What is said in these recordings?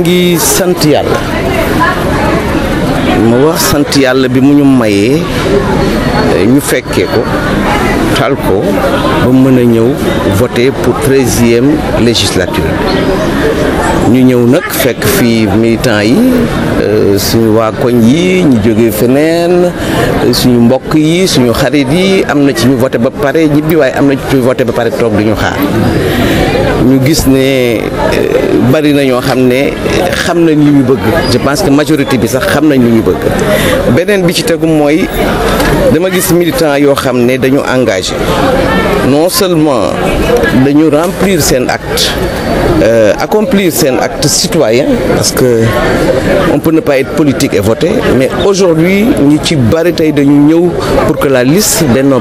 ngi sant yàlla ma wax sant yàlla bi mu ñu mayee ñu fekkee ko tal ko ba mën a ñëw voter pour treizième législature ñu ñëw nag fekk fii militan yi euh, suñu waa koñ yi ñu jóge feneen suñu mbokk yi suñu xarit yi am na ci ñu voté ba pare ñibbi waaye am na ci ñu voté ba pare toog du ñu xaar ñu gis ne euh, bari na ñoo xam ne xam nañ li ñu bëgg je pense que majorité bi sax xam nañ ñu bëgg benen bi ci dama gis militants yo xamné non seulement dañu remplir cet acte euh, accomplir cet acte citoyen parce que on peut ne pas être politique et voter mais aujourd'hui nous ci bari pour que la liste de nos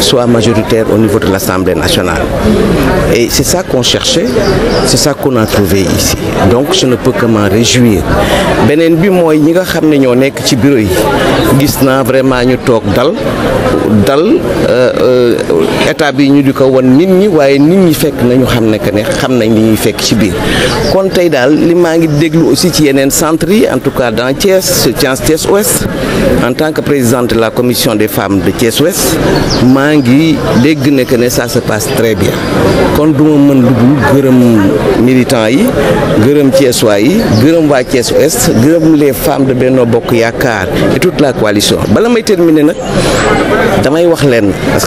soit majoritaire au niveau de l'Assemblée nationale et c'est ça qu'on cherchait c'est ça qu'on a trouvé ici donc je ne peux que m'en réjouir Benin bi nous ñi nga ci bureau yi gis naa vraiment ñu toog dal dal euh, euh, état bi ñu di ko won nit ñi waaye nit ñi fekk nañu xam ne que ne xam nañ li ñuy fekk ci biir kon tey daal li maa ngi déglu aussi ci yeneen centre yi en tout cas dans Thiès Thiès Thiès Ouest en tant que présidente de la commission des femme de Thiès Ouest maa ngi dégg ne que ne ça se passe très bien kon du ma mën lu dul gërëm militants yi gërëm Thiessois yi gërëm waa Ouest gërëm les femmes de Benno Bokk Yaakaar et toute la coalition bala may terminer nag damay wax leen parce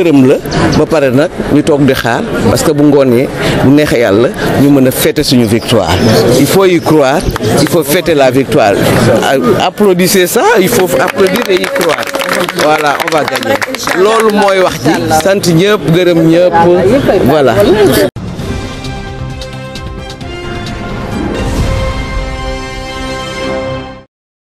këram la pare nag ñu toog di xaar parce que bu ngoonee bu neexee yàlla ñu mën a fêter suñu victoire il faut y croire il faut la victoire euh, applaudissez ça il faut applaudir et loolu mooy wax ji sant ñëpp gërëm ñëpp voilà